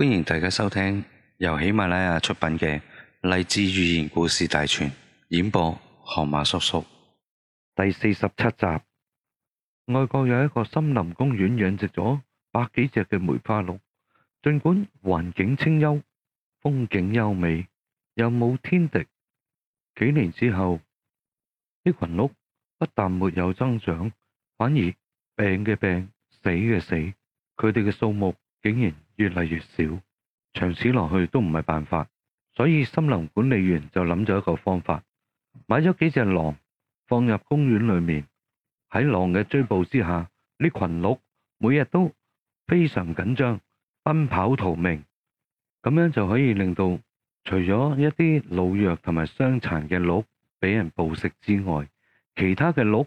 歡迎大家收聽由喜馬拉雅出品嘅《勵志寓言故事大全》，演播河馬叔叔第四十七集。外國有一個森林公園，養殖咗百幾隻嘅梅花鹿。盡管環境清幽，風景優美，又冇天敵，幾年之後，呢群鹿不但沒有增長，反而病嘅病，死嘅死，佢哋嘅數目竟然越嚟越少，長此落去都唔係辦法，所以森林管理員就諗咗一個方法，買咗幾隻狼放入公園裏面，喺狼嘅追捕之下，呢群鹿每日都非常緊張，奔跑逃命，咁樣就可以令到除咗一啲老弱同埋傷殘嘅鹿俾人捕食之外，其他嘅鹿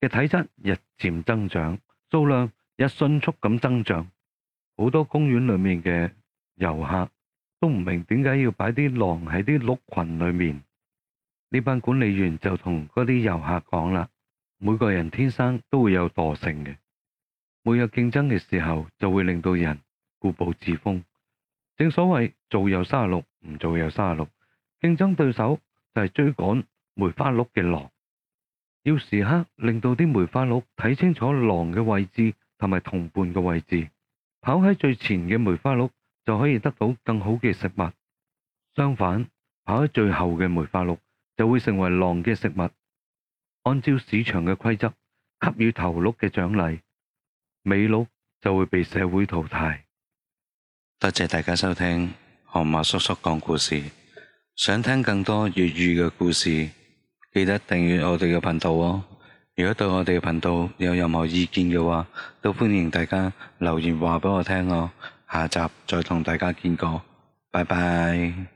嘅體質日漸增長，數量也迅速咁增長。好多公園裏面嘅遊客都唔明點解要擺啲狼喺啲鹿群裏面，呢班管理員就同嗰啲遊客講啦：每個人天生都會有惰性嘅，每日競爭嘅時候就會令到人固步自封。正所謂做又卅六，唔做又卅六，競爭對手就係追趕梅花鹿嘅狼，要時刻令到啲梅花鹿睇清楚狼嘅位置同埋同伴嘅位置。跑喺最前嘅梅花鹿就可以得到更好嘅食物，相反，跑喺最後嘅梅花鹿就會成為狼嘅食物。按照市場嘅規則，給予頭鹿嘅獎勵，尾鹿就會被社會淘汰。多謝大家收聽，河馬叔叔講故事。想聽更多粵語嘅故事，記得訂閱我哋嘅頻道哦。如果對我哋頻道有任何意見嘅話，都歡迎大家留言話畀我聽咯。下集再同大家見過，拜拜。